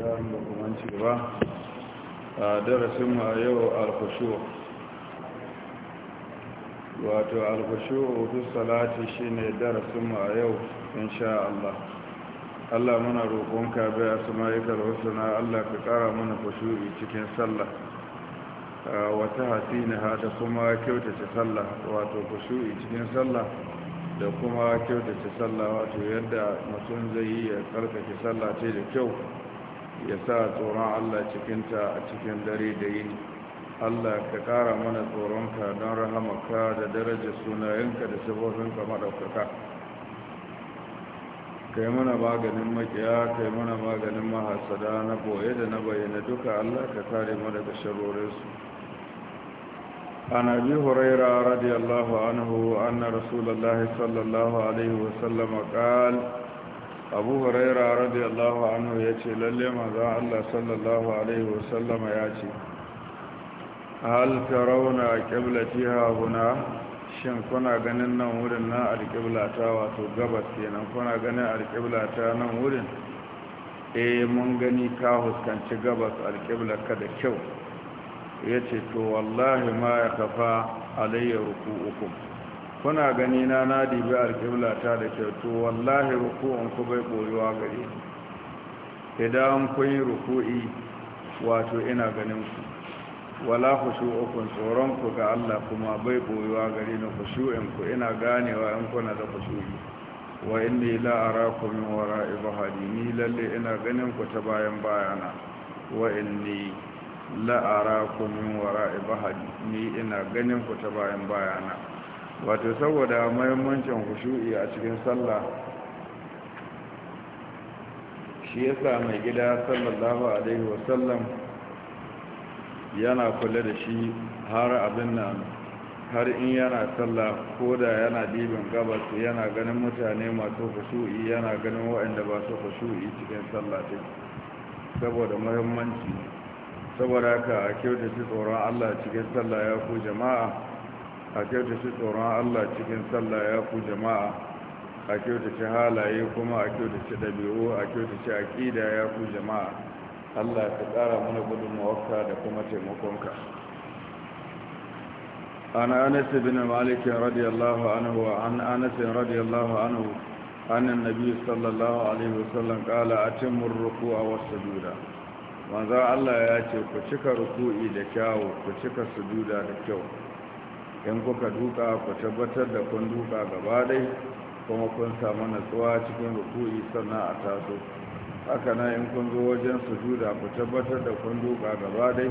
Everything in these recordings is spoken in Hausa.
don makamanci ba a darasin ma yau alkushu wato alkushu hudu salati shi ne darasin ma yau sha Allah Allah muna roƙonka bai a samayikar wasu na Allah ka ƙara mana kushu'i cikin sallah wata hasinaha da kuma kyautace sallah wato kushu'i cikin sallah da kuma kyautace sallah wato yadda mutum zai yi ya karkace sallah ce da kyau ya sa tsoron Allah cikinta a cikin dare da yini Allah ka kara mana tsoronka don rahamaka da daraja sunayenka da sabofinka maɗaukaka ka yi mana maganin makiya ka yi mana maganin mahasada na boye da na bayyana duka Allah ka kare mu daga sharorinsu عن أبي هريرة radiyallahu anhu, عنه أن رسول الله صلى abu huraira radiyallahu anhu ya ce lalle maza allah sallallahu alaihi wasallama ya ce hal tarauna qiblatiha huna shin kuna ganin nan wurin na alqiblata wato gabas kenan kuna ganin alqiblata nan wurin eh mun gani ka huskanci gabas alqiblaka da kyau yace to wallahi ma ya kafa alayya ruku'ukum kuna gani na na dibi alƙibla ta da to wallahi ruku'un ku bai koyuwa gare idan kun yi ruku'i wato ina ganin ku wala khushu'ukum tsoron ku ga Allah kuma bai koyuwa gare ni khushu'in ku ina ganewa in kuna da khushu'i wa inni la arakum min wara'i bahadi ni lalle ina ganin ku ta bayan bayana wa inni la arakum min wara'i bahadi ni ina ganin ku ta bayan bayana wato saboda mahimmancin hushu'i a cikin sallah shi ya sa mai gida sallallahu alaihi wasallam yana kula da shi har abin nan har in yana sallah ko da yana dibin gabas yana ganin mutane masu hushu'i yana ganin waɗanda ba su hushu'i cikin sallah ce saboda mahimmanci saboda ka a shi tsoron allah cikin sallah ya ku jama'a a kyautace tsoron allah cikin sallah ya ku jama'a a kyautace halaye kuma a kyautace ɗabi'u a kyautace aƙida ya ku jama'a allah ka ƙara mana gudun mawafta da kuma taimakonka عن أنس bin مالك radiyallahu الله عنه وعن أنس رضي الله عنه أن النبي صلى الله عليه وسلم قال أتم الركوع والسجود Allah ya ce ku cika ruku'i da kyau ku cika sujuda da kyau in kuka duka ku tabbatar da kun duka gaba dai kuma kun samu natsuwa cikin ruku'i sannan a taso haka na in kun zo wajen sujuda ku tabbatar da kun duka gaba dai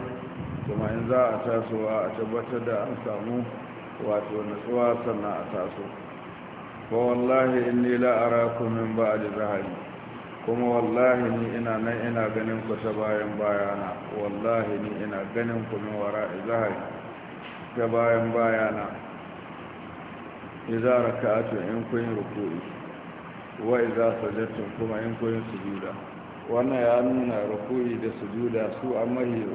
kuma in za a tasowa a tabbatar da an samu wato natsuwa sannan a taso ba wallahi in ni inni la'araku min da zahari kuma wallahi ni ina nan ina ganin ku ta bayan bayana wallahi ni ina ganin ku min wara'i zahari ga bayan bayana iza raka'atu in kun yi ruku'i wa iza sajdatun kuma in kun sujuda wannan ya nuna ruku'i da sujuda su amahi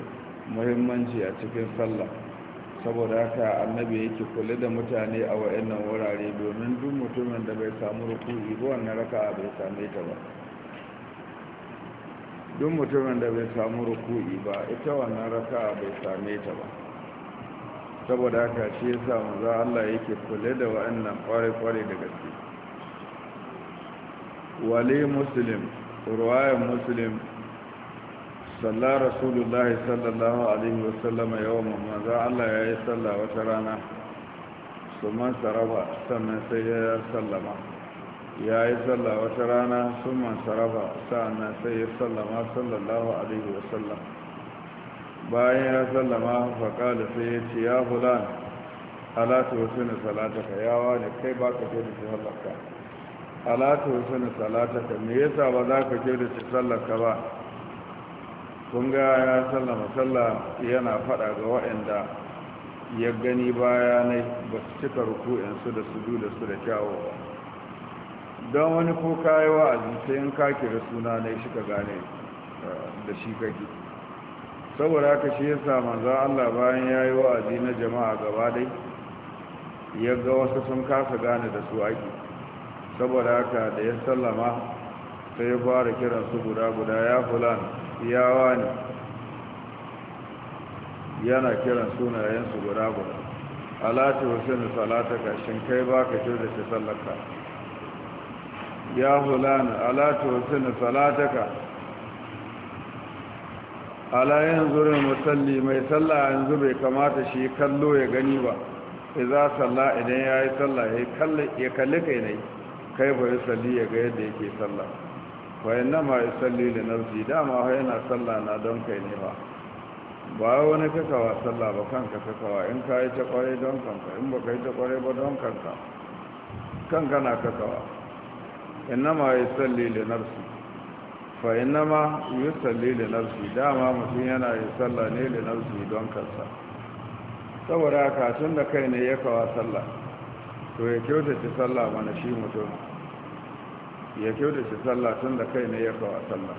muhimmanci a cikin sallah saboda haka annabi yake kula da mutane a wayannan wurare domin duk mutumin da bai samu ruku'i ba wannan raka'a bai same ta ba duk mutumin da bai samu ruku'i ba ita wannan raka'a bai same ta ba saboda haka shi ya sa maza Allah yake kula da wa'annan kware-kware da gaske wale muslim ruwayan muslim salla rasulullah sallallahu alaihi wasallam yawan maza Allah ya yi sallah wata rana suman saraba sannan sai ya sallama ya yi salla wata rana suman saraba sannan sai ya sallama sallallahu alaihi wasallam bayan ya sallama da sai ya ce ya fulan alata wasu salata ka yawa da kai ba ka kyau da ci sallarka alata wasu salata ka, me yasa ba za ka kyau da ci sallarka ba kun ga ya sallama sallah yana faɗa ga waɗanda ya gani ne ba su cika ruku'insu da su da su da kyawo ba don wani ko kayi wa'azi sai in ka kira suna ne shi ka gane eh, da shi kake saboda haka shi sa manzan Allah bayan ya yi wa'azi na jama'a gaba dai ya ga wasu sun kasa gane da su ake saboda haka da ya sallama sai ya fara kiransu guda guda ya fulan ya wani yana kiran sunayensu guda guda alati salata ka, shin kai ba ka kyau da shi sallaka ya fulan alati salata ka. ala yanzurin musalli mai sallah yanzu bai kamata shi kallo ya gani ba Iza salla idan yayi sallah ya kalli ya kalli kai ne kai ba ya salli ya ga yadda yake sallah bayan na ma tsalli da nafsi dama fa yana sallah na don kai ne ba ba wani kakawa sallah ba kanka kakawa in ka yi ta kware don kanka in ba ka yi ta kware ba don kanka kanka na kakawa na ma tsalli da nafsi fa yi yusalli da nafsi dama mutum yana yi sallah ne da nafsi don kansa saboda haka tun da kai ne ya kawa sallah to ya ci sallah mana shi mutum ya ci sallah tun da kai ne ya kawa sallah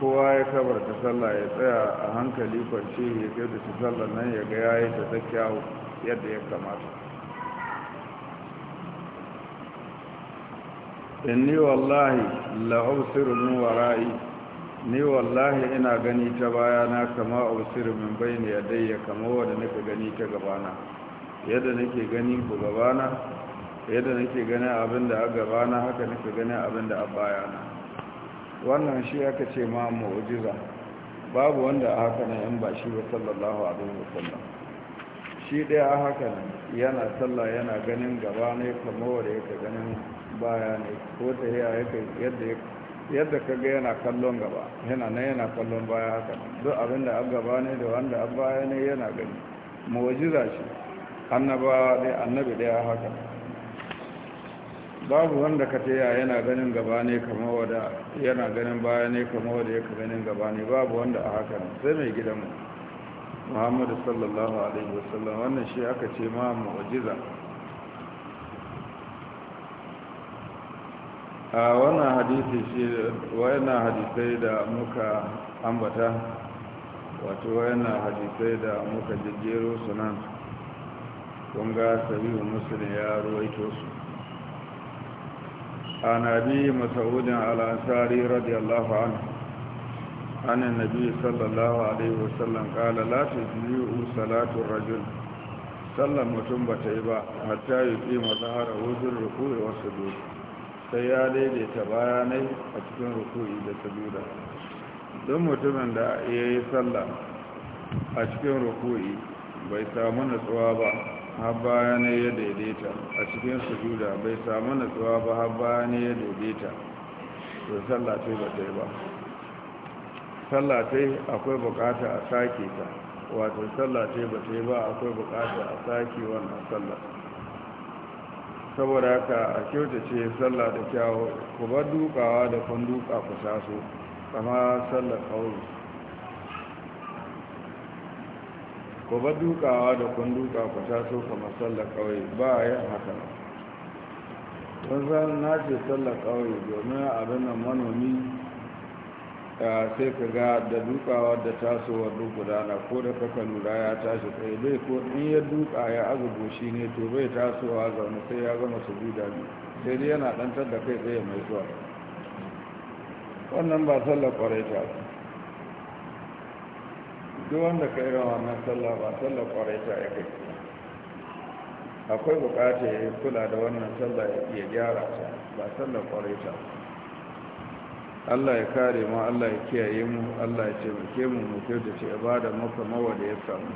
kowa ya kabar ta sallah ya tsaya a hankali kwanci ya ci sallah nan ya ga yayi ta kyawu yadda ya kamata inni wallahi la ausiru min wara'i ni wallahi ina gani ta bayana kama ausiru min baini yadayya kama wanda nake gani ta gabana yadda nake gani ku gabana yadda nake ganin abin da a gabana haka nake gani abin da a bayana wannan shi aka ce ma mu'jiza babu wanda a haka nan in ba shi ba sallallahu alaihi wasallam shi dai a haka nan yana sallah yana ganin gaba ne kamar wanda yake ganin baya ne ko ta a yake yadda yadda ka ga yana kallon gaba yana na yana kallon baya haka duk abin da an gaba ne da wanda an baya ne yana gani muwajiza shi annaba dai annabi daya haka babu wanda ka yi yana ganin gaba ne kama wada yana ganin baya ne kama wada ka ganin gaba ne babu wanda a haka sai mai gidanmu muhammadu sallallahu alaihi wasallam wannan shi aka ce ma mu'jiza a wannan hadisi shi na hadisai da muka ambata wato na hadisai da muka jejjero sunan kun ga sabihu musulun ya ruwaito su a nabi masaudin al'ansari radiyallahu anhu annan nabi sallallahu alaihi wasallam kala la tajliu salatu rajul sallan mutum bata yi ba hatta yi qima zahara wuzur ruku'i wa sujud sai ya daidaita bayanai a cikin ruku'i da sujuda don mutumin da ya yi sallah a cikin ruku'i bai samu natsuwa ba har bayanai ya daidaita a cikin sujuda bai samu natsuwa ba har bayanai ya daidaita to sallah ce ba ta yi ba sallah ce akwai bukata a sake ta wato sallah ce ba ta yi ba akwai bukata a sake wannan sallah saboda haka a kyautace sallah da kyawo ku bar dukawa da kun duka ku taso kama sallar ƙauye ku bar dukawa da kun duka ku taso kama sallar ƙauye ba a yin haka don zan na ce sallar ƙauye domin abin nan manomi sai ka ga da dukawa da tasowar duk gudana ko da kaka lura ya tashi tsaye dai ko in ya duka ya azubo shi ne to bai tasowa zaune sai ya gama su bi dami sai dai yana ɗantar da kai tsaye mai zuwa wannan ba sallar kwarai ta duk wanda ka irin wannan sallah ba sallar kwarai ta ya kai akwai bukata ya kula da wannan sallah ya gyara ta ba sallar kwarai ta Allah ya kare mu Allah ya kiyaye mu Allah ya taimake mu mu kyautace ibada maka mawa da ya samu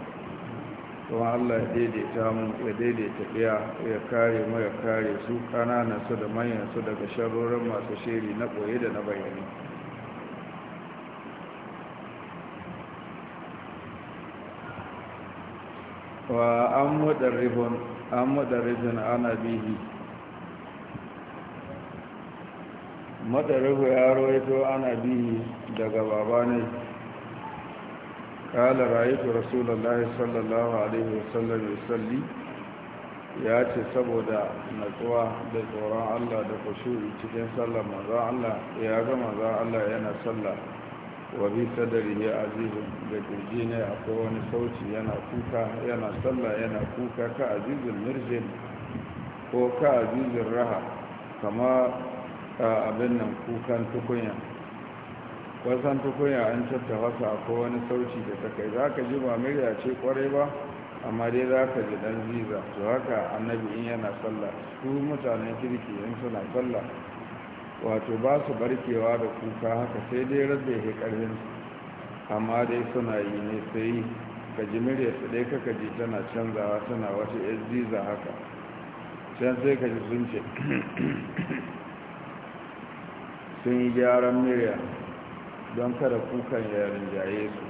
kuma Allah ya daidaita mu ya daidaita biya ya kare mu ya kare su kananan su da manyan su daga sharorin masu shiri na koye da na bayani wa an mudarrifin an ribon ana bihi matsarifu ya rawaito ana bihi daga ne kala rayuwa rasulallah sallallahu alaihi wasallam ya salli ya ce saboda natsuwa da tsoron allah da kushuri cikin sallar maza allah ya ga maza allah yana sallah wa bi sadari ya azizun da kirji ne a wani sauci yana kuka yana sallah yana kuka ka azizun mirjin ko ka azizun raha kama abin nan kukan tukunya kwasan tukunya an tattafasa akwai wani sauci da ta kai za ka ji ba murya ce kwarai ba amma dai za ka ji dan ziza to haka annabi in yana sallah su mutanen kirki in suna sallah wato ba su barkewa da kuka haka sai dai rabbe ya karfin amma dai suna yi ne sai ka ji su dai kaka ji tana canzawa tana wata yan ziza haka can sai ka ji sun sun yi gyaran murya don kada kukan ya rinjaye su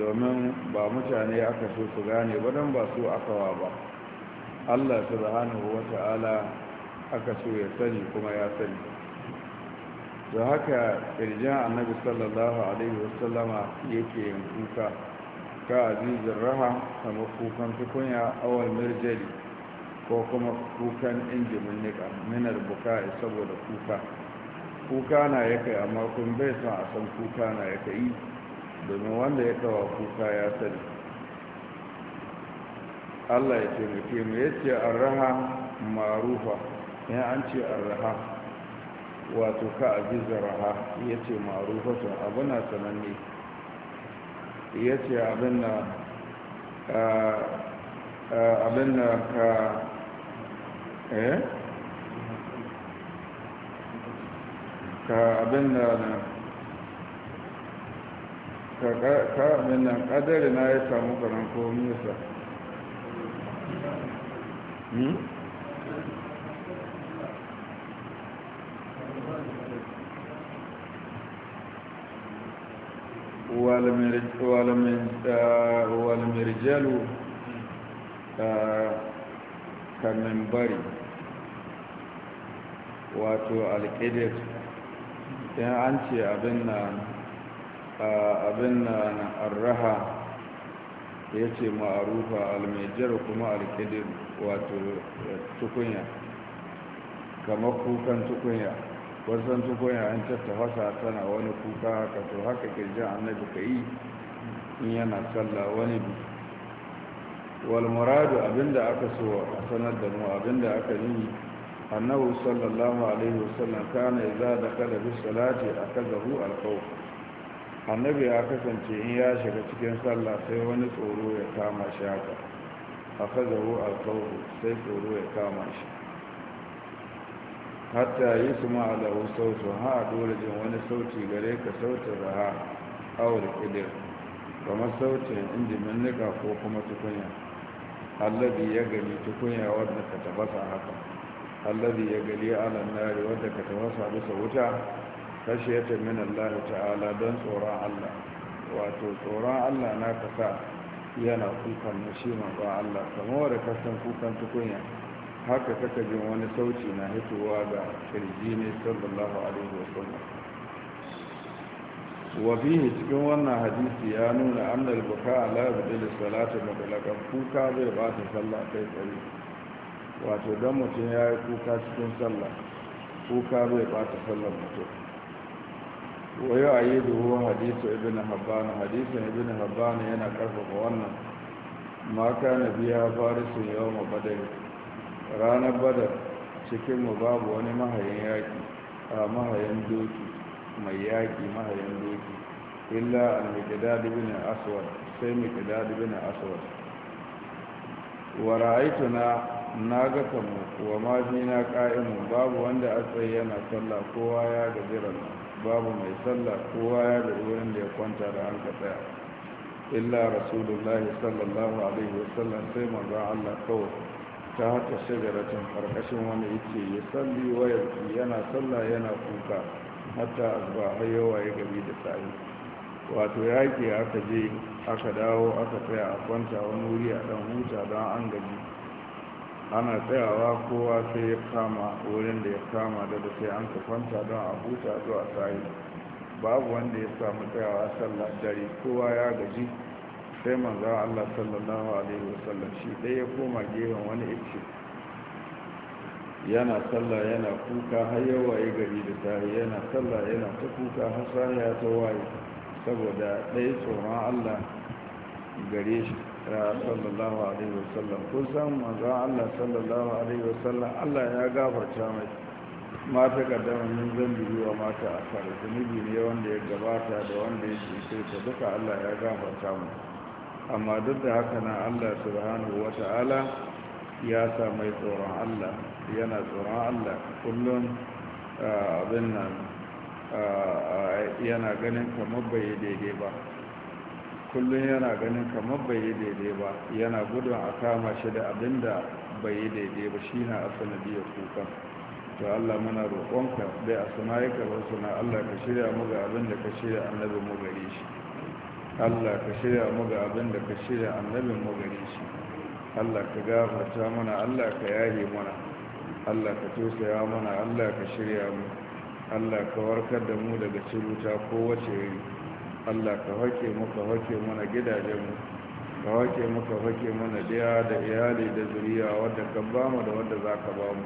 domin ba mutane aka so su gane ba don ba su akawa ba allah su wa ta'ala aka so ya sani kuma ya sani da haka ƙirjin annabi sallallahu alaihi wasallama yake yin kuka ka azizin raha kama kukan tukunya awal mirjali ko kuma kukan injimin nika minar buka saboda kuka kuka na ya kai amma kun bai son a san kuka na ya kai domin wanda ya kawo kuka ya sani allah ya ce muke mu ya ce arraha marufa ya an ce arraha wato ka ajiza raha ya ce marufa sun abu na sananne ya ce abin na ah, ah, abin na ka eh ka abin da ka abin nan kadari na ya samu karan komi hmm? yasa walmirjalu ka membari wato alƙidar in an ce abin na abin na arraha ya ce ma'arufa almejiyar kuma alkidir wato eh, tukunya kamar kukan tukunya wasan tukunya an cata hasa tana wani kuka haka to haka kirjin annabi ka yi in yana tsalla wani bi walmuradu abinda aka so a sanar da mu abinda aka yi annahu sallallahu alaihi wasallam kana idza dakala bis salati akazahu al khawf annabi ya kasance in ya shiga cikin sallah sai wani tsoro ya kama shi haka akazahu al khawf sai tsoro ya kama shi hatta yi su ma'alahu sautu ha a dole jin wani sauti gare ka sautin raha awar ƙidir kamar sautin injimin nika ko kuma tukunya allabi ya gani tukunya wadda ka tabasa haka alladhi yaghli ala an wadda ka tawassa bisa wuta khashiyatan min Allah ta'ala dan tsoron Allah wato tsoron Allah na kasa yana kukan mashi manzo Allah kamar da kasan kukan tukunya haka kaka jin wani sauci na hitowa ga kirji ne sallallahu alaihi wasallam wafihi cikin wannan hadisi ya nuna annal buka ala bidil salati mutlaqan kuka zai ba ta sallah kai tsaye wato don mutum ya yi kuka cikin sallah kuka bai bata sallar mutum wayo a yi duhu hadisu ibn habban hadisu ibn habban yana karfafa wannan maka na biya farisun ma badari ranar badar cikinmu babu wani mahayin yaƙi a mahayin doki mai yaƙi mahayin doki illa al-miqdad ibn aswad sai miqdad ibn aswad wa na. na ga kamo kuwa ma na ka'imu babu wanda a tsaye yana sallah kowa ya ga jiran babu mai sallah kowa ya ga wurin da ya kwanta da an ka tsaya illa rasulullahi sallallahu alaihi wasallam sai manzo Allah kawai ta haka shagaratin karkashin wani yake ya salli wa yana sallah yana kuka hatta azba har yawa ya gari da sai wato ke aka je aka dawo aka tsaya a kwanta wani wuri a ɗan huta don an gaji ana tsayawa kowa sai ya kama wurin da ya kama da da sai an kwanta don a huta zuwa sayi babu wanda ya samu tsayawa sallar dare kowa ya gaji sai manzara allah sallallahu alaihi wasallam shi ɗaya ya koma gefen wani ice yana sallah yana kuka har yawaye gari da sahi yana sallah yana ta kuka har sahi ya ta waye saboda ɗaya tsoron allah gare shi sallallahu alaihi wasallam kun san manzon Allah sallallahu alaihi wasallam Allah ya gafarta mai mata kaddama min zambi wa mata akar zunubi ne wanda ya gabata da wanda ya shi ta duka Allah ya gafarta mu amma duk da haka na Allah subhanahu ta'ala ya sa mai tsoron Allah yana tsoron Allah kullum ah, abin nan ah, yana ganin kamar bai daidai ba kullum yana ganin kamar bai yi daidai ba yana gudun a kama shi da abin da bai yi daidai ba shi na asanadiyar kukan to allah muna roƙonka bai a sanayika ba suna allah ka shirya mu ga abin da ka shirya annabin mu gare shi allah ka shirya mu ga abin da ka shirya annabin mu gare shi allah ka gafarta mana allah ka yahe mana allah ka tosaya mana allah ka shirya mu allah ka warkar da mu daga ciruta wace iri Allah ka hake mu ka hake mana gidajenmu ka hake mu hake mana daya da iyali da zuriya wadda ka ba mu da wadda za ka ba mu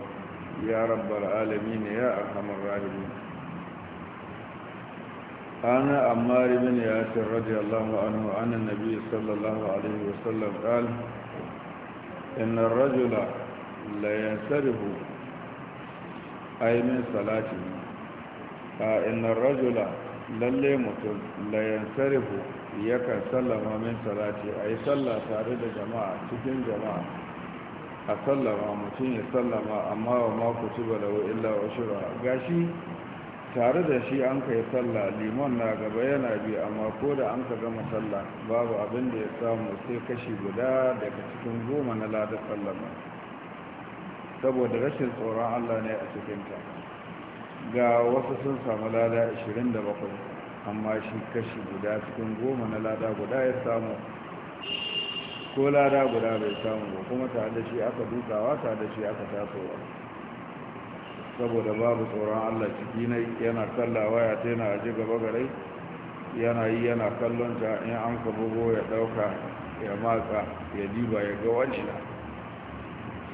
ya rabbar alamin ya arhamar Ana عن عمار بن ياسر رضي الله عنه عن النبي صلى الله عليه وسلم rajula, إن الرجل لا min أي من صلاته إن lalle mutum layan sarifu kan sallama min salati a yi sallah tare da jama'a cikin jama'a a sallama mutum ya sallama amma wa mako ci ba lau illa wa shura gashi tare da shi an yi sallah liman na gaba yana bi amma ko da an ka gama sallah babu abin da ya samu sai kashi guda daga cikin goma na ladar sallama saboda rashin tsoron allah ne a cikinta ga wasu sun samu lada 27 amma shi kashi guda cikin goma na lada guda ya samu ko lada guda bai samu ba kuma tare da shi aka dukawa tare da shi aka tasowa saboda babu tsoron allah ciki na yana kallawa ya yana aji gaba garai yana yi yana kallon ta in an ka ya dauka ya matsa ya diba ya ga wancan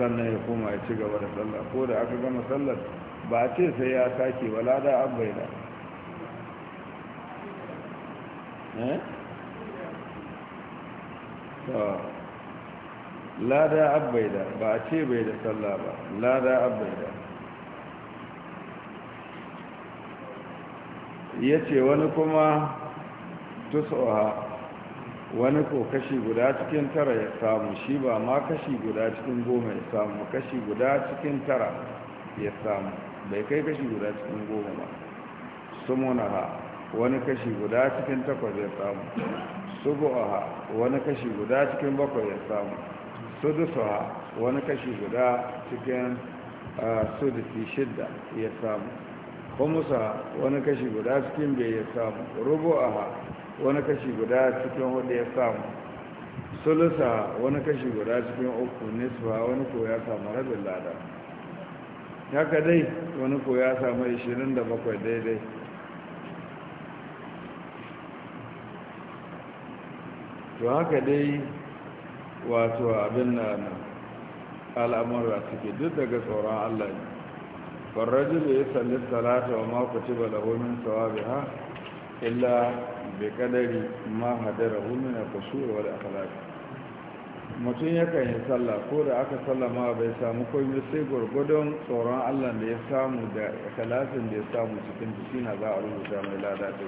sannan ya koma ya ci gaba da sallah ko da aka gama sallar ba ce sai ya sake wala da an bai da eh? lada abbaida ba a ce bai da sallah ba lada abbaida ya ce wani kuma tusoha wani ko kashi guda cikin tara ya samu shi ba ma kashi guda cikin goma ya samu kashi guda cikin tara ya samu bai kai kashi guda cikin goma ba sumuna ha wani kashi guda cikin takwas ya samu subu'a ha wani kashi guda cikin bakwai ya samu sudusu ha wani kashi guda cikin sudusi shidda ya samu kumusa wani kashi guda cikin bai ya samu rubu'a wani kashi guda cikin hudu ya samu sulusa wani kashi guda cikin uku nisba wani ko ya samu rabin lada haka dai wani ko ya samu 27 daidai to haka dai wato abin na al'amura suke duk daga tsoron allah ne farraji da ya salli talata wa ci ba lahomin tsawabi ha illa bai kadari ma hadara hulmina kusurwa da akalata mutum yakan yi sallah ko da aka ma bai samu komai sai gurgudun tsoron allah da ya samu da kalasin da ya samu cikin jiki na za a rubuta mai lada ta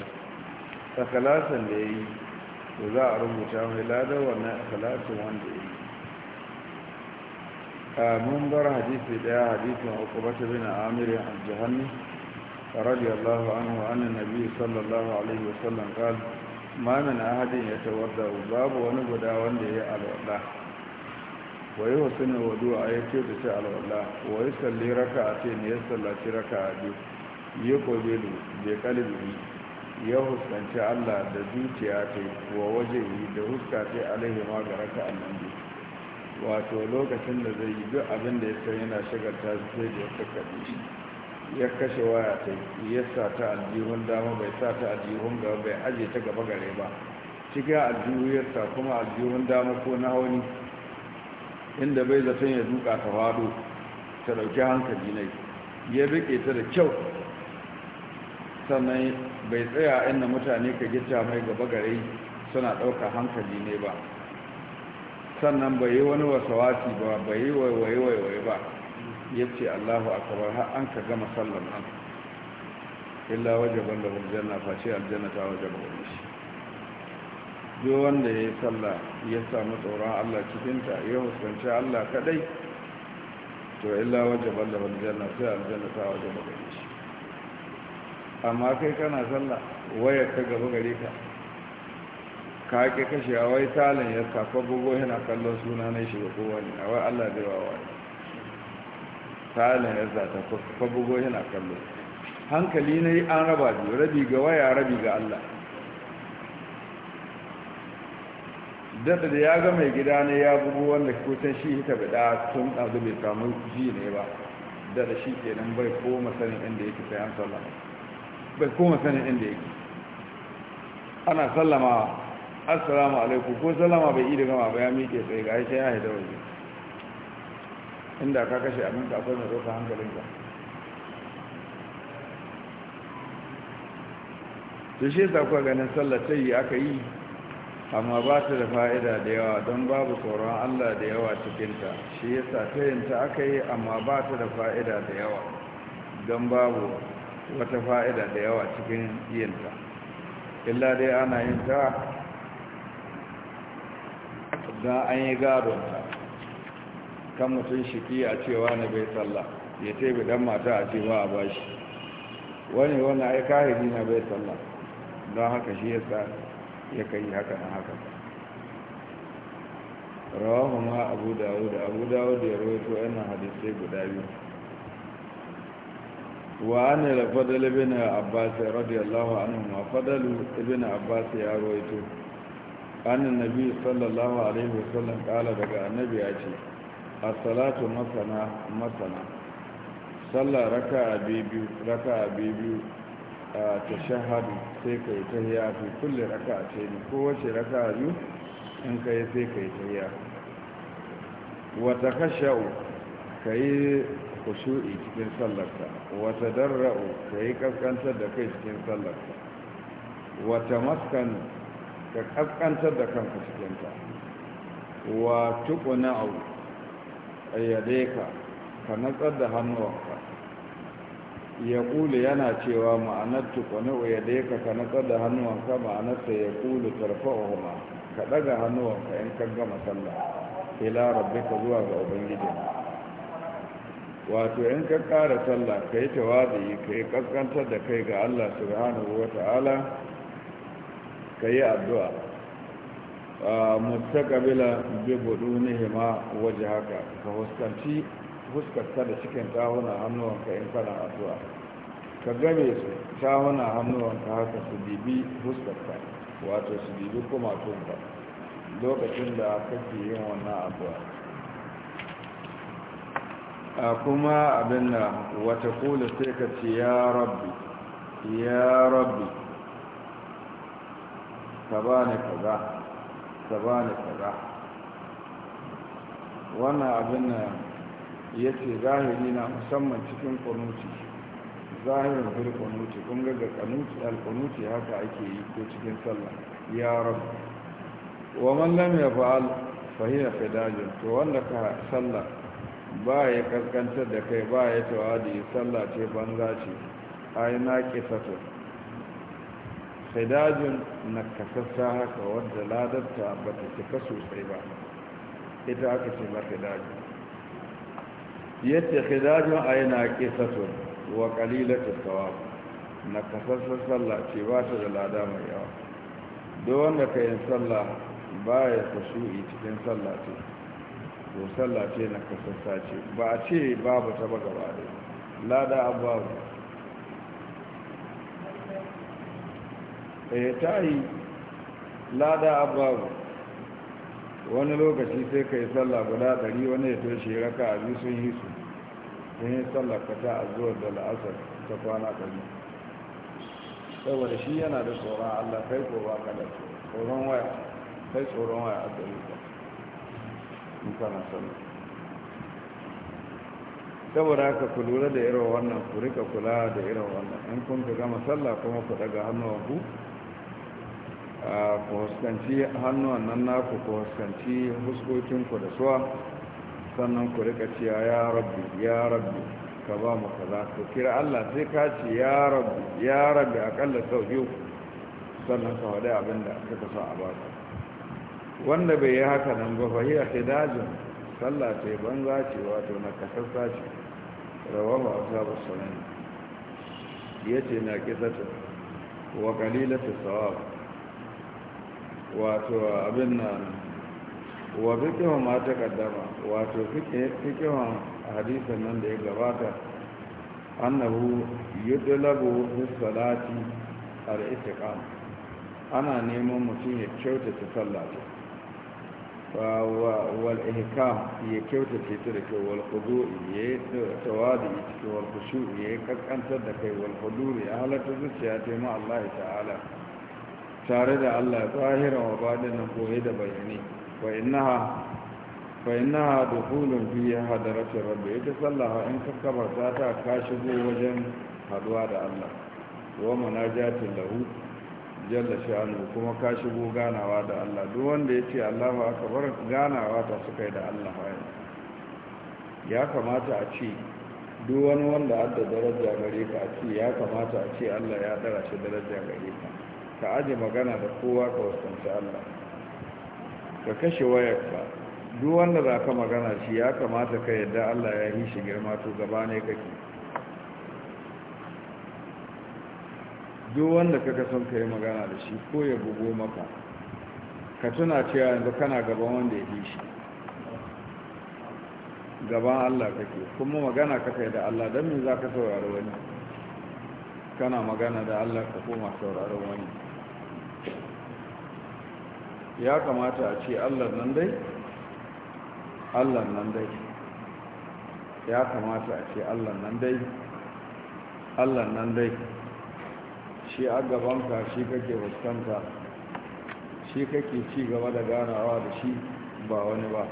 sakalasin da ya yi to za a rubuta mai lada wannan kalasin wanda ya yi a mun bar hadisi daya hadisin ukubata bin amirin aljihanni رضي الله عنه عن النبي صلى الله عليه وسلم قال ما من أحد يتوضأ باب ونبدا وانده الوضع wa yi wasu ne a ya kyauta ce alwala wa salli raka a ce ne ya sallaci raka a biyu ya kobe da kalibi ya huskanci allah da zuciya ta wa waje yi da huska ta alaihi ma ga raka a nan wato lokacin da zai yi duk abin da ya san yana shagarta sai da ya ya kashe waya ta ya sa ta aljihun dama bai sa ta aljihun gaba bai aje ta gaba gare ba shiga aljihun ya kuma aljihun dama ko na wani. inda bai zaton ya duka ta wado ta dauki hankali ne ya rike ta da kyau sannan bai tsaya inda mutane ka gita mai gaba gare suna dauka hankali ne ba sannan bai yi wani wasawasi ba bai yi waiwaye-waiwai ba ya ce allahu akabar har an ka gama sallan nan illa waje ban da face aljanna ta waje duk wanda ya yi sallah ya samu tsoron Allah cikinta ya huskanci Allah kadai to illa wajabar da aljanna sai aljanna ta waje da shi amma kai kana sallah wayar ta gaba gare ka ka ke kashe a wai talin ya kafa gugu yana kallon suna na shiga kowane a wai Allah zai wa wani talin ya zata kafa gugu yana kallon hankali na yi an raba biyu rabi ga waya rabi ga Allah daɗa da ya ga mai gida ne ya bugu wanda kusan shi hita bada tun ɗazu bai samu ji ne ba daɗa shi nan bai koma sanin inda yake sai an sallama bai koma sanin inda yake ana sallama assalamu alaikum ko sallama bai yi da gama ba ya miƙe sai ga ya ya haida waje inda ka kashe abin da akwai mai ɗaukar hankalin ka to shi yasa kuka ganin sallar ta yi aka yi amma ba ta da fa'ida da yawa don babu tsoron Allah da yawa cikinta shi yin ta aka yi amma ba ta da fa'ida da yawa don babu wata fa'ida da yawa cikin yinta illa dai ana yin ta don an yi gadonta kan mutum shiki a cewa na bai sallah ya tebe dan mata a cewa a bashi wani wani ai haifi na bai sallah don haka shi ya yasa ya kai haka na haka rawahu ma abu da abu da ya rawaito yana hadisai guda biyu wa ne da fadal ibn abbas radiyallahu anhu ma fadal ibn abbas ya rawaito an nabi sallallahu alaihi wasallam kala daga annabi ya ce as-salatu masana masana sallah raka'a biyu raka'a biyu shahadu sai ka yi tahiya fi kulle raka a ce kowace raka a yi in ka yi sai ka yi tahiya wata kasha'u ka yi kusur’i cikin sallarta wata darra'u ka yi kaskantar da kai cikin sallarta wata maskan ka kaskantar da kanka cikinta wa tukuna'u ayyade ka ka natsar da hannuwanka ya kuli yana cewa ma'anar tukwane ya daika ka natsar da hannuwanka ma'anarsa ya kuli tarfa ohuma ka daga hannuwanka in kan gama sallah ila rabbi ka zuwa ga ubangiji wato in ka kara sallah ka yi wadi ka yi kaskantar da kai ga allah subhanahu wa ta'ala ka yi addu'a ah, mustaqabila bi wajen haka, ka huskanci ta da cikin tahunan hannuwanka in kana addu'a ka game su tahunan hannuwanka haka su bibi fuskarka wato su bibi kuma tunka lokacin da kake yin wannan addu'a a kuma abin da wata kula sai ka ce ya rabbi ya rabbi ka ba ni kaza ka ba ni kaza wannan abin da. ya ce zahiri na musamman cikin kwanuti zahirin fil kwanuti kun ga kanuti alkwanuti haka ake yi ko cikin sallah ya rabu wa mallam ya fa'al fahiya fidajin to wanda ka sallah ba ya kaskantar da kai ba ya tawadi sallah ce banza ce ai na kisato fidajin na kasassa haka wadda ladarta ba ta cika sosai ba ita aka ce ba fidajin yace khidajun ayna qisatun wa qalilatut thawab na kasasar sallah ce ba ta da lada mai yawa don wanda ka yin sallah ba ya kashu'i cikin sallah ce ko sallah ce na kasassa ce ba a ce babu ta ba gaba da lada ababu eh ta yi lada ababu wani lokaci sai ka yi sallah guda ɗari wani ya toshe raka a biyu sun yi su sun yi sallah kata ta a zuwa da la'asar ta kwana ɗari saboda shi yana da tsoron allah kai ko ba ka da tsoron waya kai tsoron waya a gari ba in kana sallah saboda haka ku lura da irin wannan ku rika kula da irin wannan in kun ka gama sallah kuma ku daga hannuwanku ku huskanci hannuwan nan naku ku huskanci huskokinku da suwa sannan ku rika cewa ya rabbi ya rabbi ka ba mu kaza ku kira Allah sai ka ce ya rabbi ya rabbi akalla sau biyu sannan ka faɗi abin da suka sa a baka wanda bai yi haka nan ba fahiyar hidajin sallah ce banza ce wato na kasassa ce rawa ba wasu ba sanani ya ce na kisata wa kalilatar sawabu wato abin nan wa fikihan ma ta kaddama wato fikihan hadisan nan da ya gabata annahu yudlabu fi salati a da ana neman mutum ya kyautata sallah wal ihkam ya kyautata ta da kyau wal khudu'i ya tawadi cikin wal khushu'i ya kakkantar da kai wal huduri ya halatta zuciya ta ma Allah ta'ala tare da Allah zahira wa nan boye da bayani wa innaha fa ha dukhulun fi hadarati rabbi ita sallaha in ka kabarta ta ka shigo wajen haduwa da Allah wa munajatin lahu jalla sha'anu kuma ka shigo ganawa da Allah duk wanda yace Allahu akbar ganawa ta suka da Allah ya kamata a ce duk wani wanda adda daraja gare ka a ce ya kamata a ce Allah ya dara shi daraja gare ka ka aje magana da kowa ka wasanci Allah ka kashe wayar ka duk wanda za ka magana shi ya kamata ka yadda Allah ya yi shi girma to gaba ne kake duk wanda kaka son ka yi magana da shi ko ya bugo maka ka tuna cewa yanzu kana gaban wanda ya yi shi gaban Allah kake kuma magana ka kai da Allah don me za ka saurari wani kana magana da Allah ka koma saurari wani ya kamata a ce allah nan dai allah nan dai ya kamata a ce allah nan dai allah nan dai shi a gabanka shi kake fuskanta shi kake ci gaba da ganawa da shi ba wani ba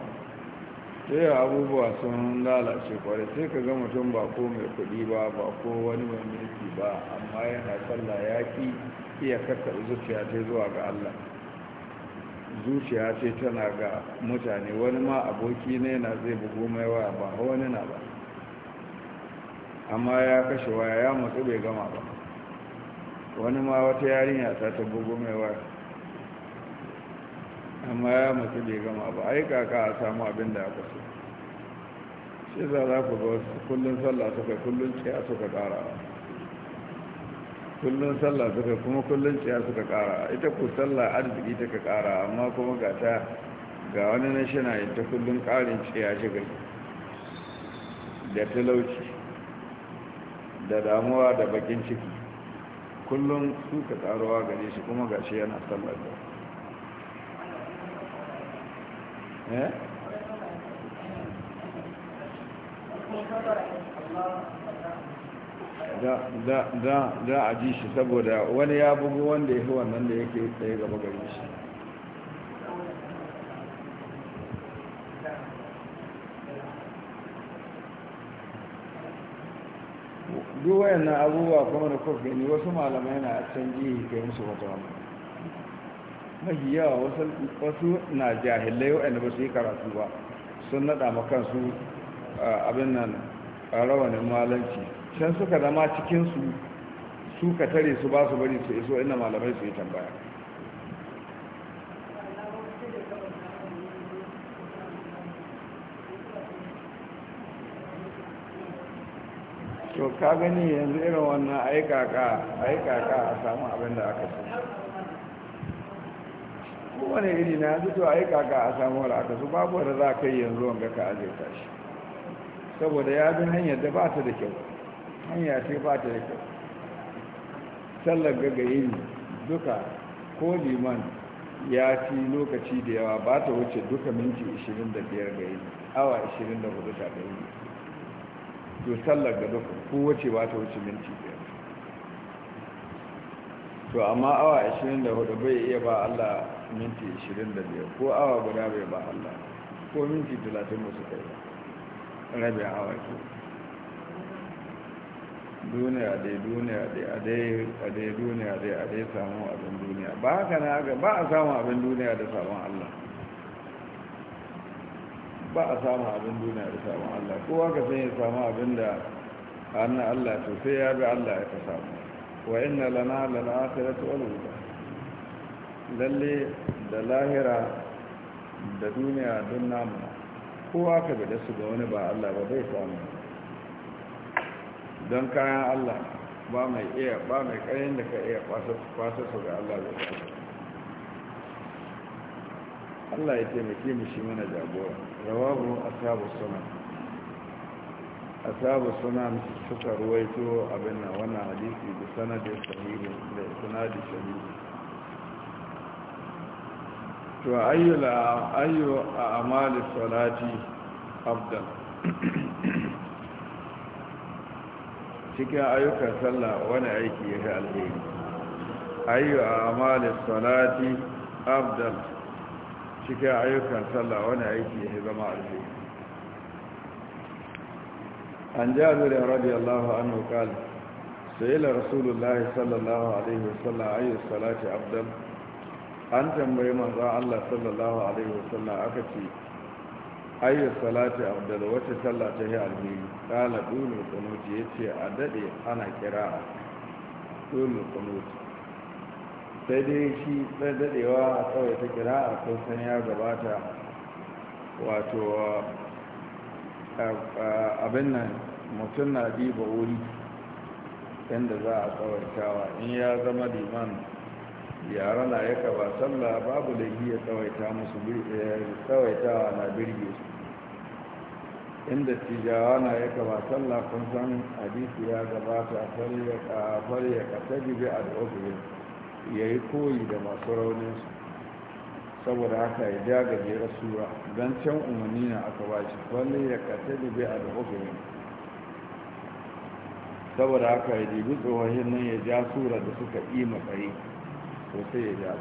sai abubuwa sun lalace kwarai sai ka ga mutum ba ko mai kudi ba ba ko wani mai mulki ba amma yana sallah ya ki iya kakkaɓe zuciya ta zuwa ga allah zuciya ce tana ga mutane wani ma aboki ne na zai bugu mai waya ba wani na ba amma ya kashe waya ya matsu bai gama ba wani ma wata yarinya ta ta bugu mai waya amma ya matsu bai gama ba ai kaka a samu abin da ya kusa. shi za za ku ga kullum sallah suka kullum ciya suka ƙara kullum sallah suka kuma kullum ciya suka kara ita ku sallah arziki ta ka kara amma kuma ga ta ga wani na shina ita kullum karin ciya shiga da talauci da damuwa da bakin ciki kullum su ka karuwa gare shi kuma ga shi yana sallar da eh? za a ji shi saboda wani ya bugu wanda ya fi wannan da yake tsaye gaba gari shi Duwayen abubuwa kuma da kuka gani wasu malamai na a can jihi kai musu wata wani mafi yawa wasu na jahilai waɗanda ba su yi karatu ba sun naɗa makansu abin nan rawanin malanci can suka zama cikinsu su ka tare su ba su bari su iso inda malamai su yi tambaya to ka gani yanzu irin wannan aikaka aikaka a samu abin da aka so kowane iri na yanzu to aikaka a samu wani aka su babu wanda za ka yi yanzu wanga ka azaita shi saboda ya bi hanyar da ba ta da kyau hanya sai ba ta da kyau sallar gagaye ne duka ko liman ya fi lokaci da yawa ba ta wuce duka minti 25 ga yi awa 24 ta ga yi to sallar ga duka ko wuce ba ta wuce minti 5 to amma awa 24 bai iya ba Allah minti 25 ko awa guda bai ba Allah ko minti 30 musu kai ba rabin awa ke duniya dai duniya dai a dai duniya dai a dai samun abin duniya ba haka na haka ba a samun abin duniya da sabon Allah ba a samun abin duniya da sabon Allah kowa ka san ya samun abin da hannun Allah to sai ya bi Allah ya ta samu wa inna lana lana akhiratu wal ula lalle da lahira da duniya don namu kowa ka bi da su ga wani ba Allah ba bai samu don kayan Allah ba mai iya ba mai kayan da ka iya kwasa su ga Allah da ta Allah ya taimake mu shi mana jagora rawabu ashabu sunan ashabu sunan suka ruwaito abin nan wannan hadisi da sanadin sahihi da sanadin sahihi to ayyula ayyu a'malis salati abdal cikin ayyukan sallah wani aiki ya fi alheri ayyu amalis salati abdal cikin ayyukan sallah wani aiki ya fi zama alheri an ja jabir radiyallahu anhu qala sayla rasulullahi sallallahu alaihi wasallam ayyu salati abdal an tambayi manzo Allah sallallahu alaihi wasallam aka ce ayyu salati afdal wata sallah ta yi albi qala dulul qunut yace a dade ana kira'a dulul qunut sai dai shi sai dadewa a kawai ta kira'a ko san ya gabata wato abin nan mutum na diba wuri inda za a tsawaitawa in ya zama liman yara na ya kaba sallah babu laifi ya tsawaita musu tsawaitawa na birge su inda tijawa na ya kaba sallah kun san hadisi ya gabata far ya kasabi bi al'ubiyin ya yi koyi da masu raunin su saboda haka ya ja gajera sura don can umarni na aka ba shi falle ya kasabi bi al'ubiyin saboda haka ya jibi tsohon nan ya ja sura da suka yi matsayi to sai ya ja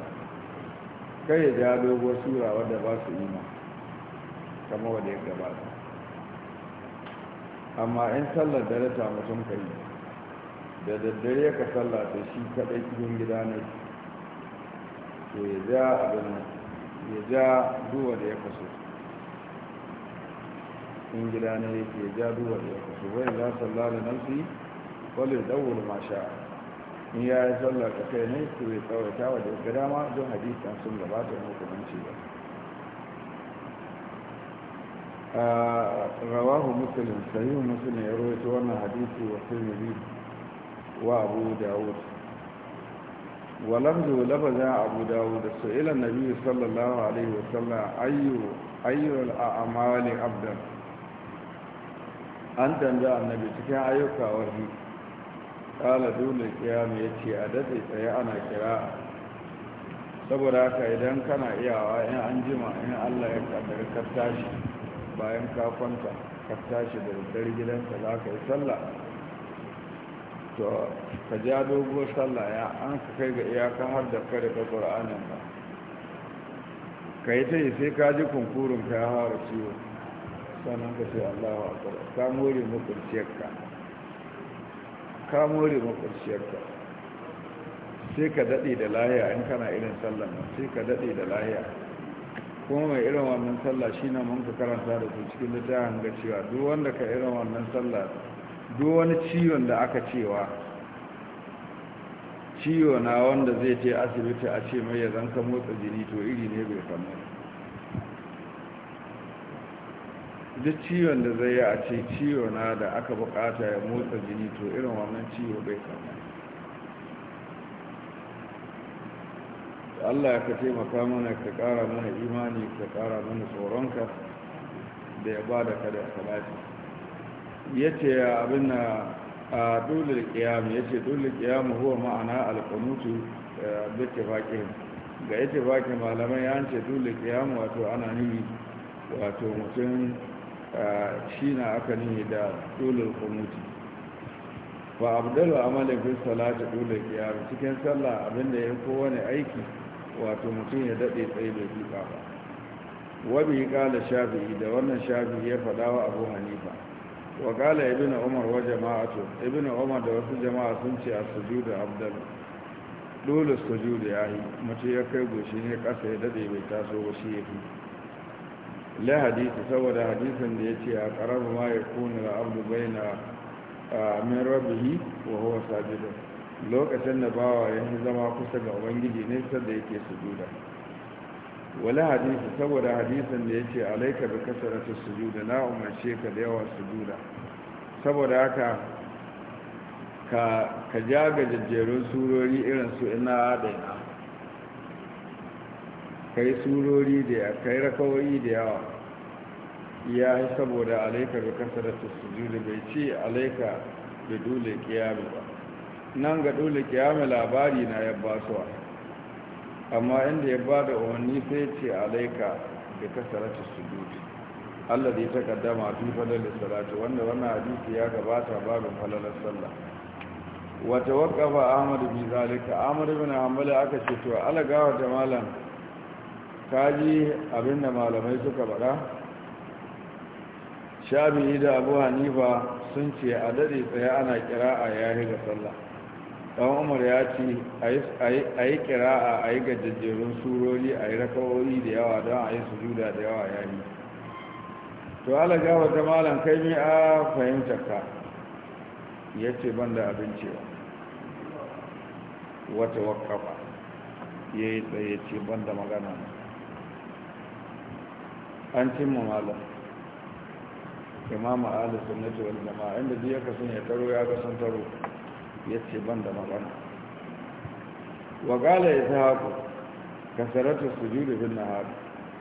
kai ya ja doguwar sura wadda ba su yi ma kama wadda ya gabata amma in sallar dare ta mutum kai da daddare ka sallah da shi kadai cikin gida ne to ya ja abin ya ja duwa da ya kaso in gida ne ya ja duwa da ya kaso wani za sallah da nan su yi wani da dawo da masha'a in ya yi sallar kai ne su yi tsawata wa da gada ma don hadisan sun gabata na hukumanci ba rawahu musulun sahihu musulun ya rawaito wannan hadisi wa tirmidhi wa abu dawud wa lafzu lafaza abu dawud su'ila nabi sallallahu alaihi wa sallam ayyu ayyul a'mali abdan an a annabi cikin ayyuka wahi kala dole kiyama ya ce a daɗe tsaye ana kira saboda haka idan kana iyawa in an jima in allah ya kaddara ka bayan ka kwanta da daddare gidanka za ka yi sallah to ka ja dogo sallah ya an ka kai ga iyaka har da kare ka ƙura'anin ba ka yi ta yi sai ka ji kunkurin ka ya fara ciwo sannan ka ce allahu akbar ka more mukurciyarka ka more makwarciyarka sai ka daɗe da lahiya in kana irin sallan nan sai ka daɗe da lahiya kuma mai irin wannan sallah shi na mun ka karanta da su cikin da ta hanga cewa duk wanda ka irin wannan sallah duk wani ciwon da aka cewa ciwo na wanda zai je asibiti a ce mai ya zanka motsa jini to iri ne bai kamar duk ciwon da zai yi a ce ciwo na da aka bukata ya motsa jini to irin wannan ciwo bai kama Allah ka taimaka mana ka kara mana imani ka kara mana tsoronka da ya ba da ka da salati ya ce abin na a dole kiyamu. ya ce dole kiyamu huwa ma'ana alƙanutu da ke faƙin ga ya ce faƙin malamai ya ce dole kiyamu. wato ana nuni wato mutum shi na aka nihi da tsulul kunuti ba abdullu amalin fi salati dolin ya cikin sallah abinda ya wani aiki wato mutum ya daɗe tsaye da duka ba wabi kala shafi'i da wannan shafi'i ya faɗa wa abu hanifa wa kala ibn umar wa jama'atu ibn umar da wasu jama'a sun ce a sujudu abdullu dole sujudu ya yi mutum ya kai goshi ne ƙasa ya daɗe bai taso shi ya fi la hadisi saboda hadisin da ya ce a ƙarar ma ya da abu bai na min rabihi wa huwa sajidun lokacin da bawa ya zama kusa ga ubangiji ne da yake sujuda wala hadisi saboda hadisin da ya ce alaika bi kasaratu sujuda na umarce ka da yawa sujuda saboda haka ka ka jaga jajjerun surori irin su ina adaina kai surori da ya kai rakawai da yawa ya yi saboda alaika bi su juli bai ce alaika da dole kiyami ba nan ga dole kiyami labari na ya suwa, amma inda ya ba da umarni sai ce alaika bi su juli Allah zai ta kaddama fi falalar salatu, wanda wannan hadisi ya gabata babin falalar sallah wata waƙafa ahmadu bin zalika ahmadu bin hanbali aka ce to alagawa da malam kaji abinda malamai suka bada shabi da abu hanifa sun ce a dade tsaye ana kira'a ya yi ga sallah ɗan umar ya ce a yi kira'a a yi gajajjerun surori a yi rakawoyi da yawa don a yi sujuda da yawa ya yi to alaga wata malam kai ne a fahimtar ka ya ce ban da abin cewa wata wakafa ya yi tsaye ce ban da magana an cimma malam imamu ahalus sunnati wal jama'a inda duk ya kasan ya taro ya kasu taro ya ce ban da magana wa qala ishaq kasaratu sujudi bin nahar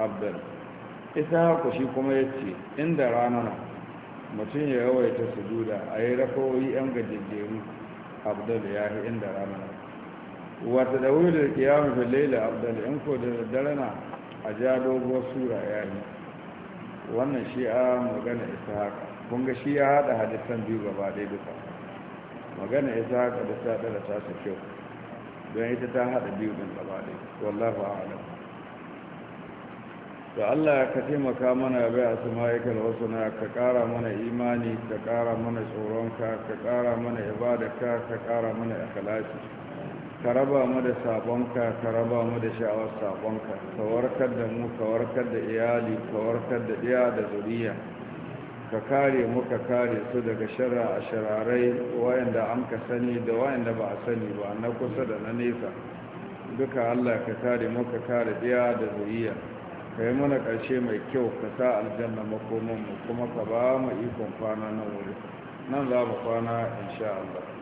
abdan haku shi kuma ya ce inda rana mutum ya su yawaita a yi rakowi yan gajejjeru abdal yi inda rana wa tadawilul qiyam fil layl abdal in ko da dare na a ja doguwar sura ya yi. wannan shi magana isa haka kun ga shi ya haɗa hadisan biyu gaba ɗaya duka magana isa haka da ta ɗara ta su kyau don ita ta haɗa biyu ɗin gaba ɗaya a a'lam to Allah ka taimaka mana bai a sama'ikal wasu na ka ƙara mana imani ka ƙara mana tsoronka ka ƙara mana ibadaka ka ƙara mana ikhlasi ka raba mu da sabonka ka raba mu da sha'awar sabonka ka warkar da mu ka warkar da iyali ka warkar da iya da zuriya ka kare mu ka kare su daga shara a shararai wayanda an ka sani da wayanda ba a sani ba na kusa da na nesa duka allah ka kare mu ka kare iya da zuriya ka yi mana ƙarshe mai kyau ka sa aljanna makomanmu kuma ka ba mu ikon kwana na wuri nan za mu kwana insha allah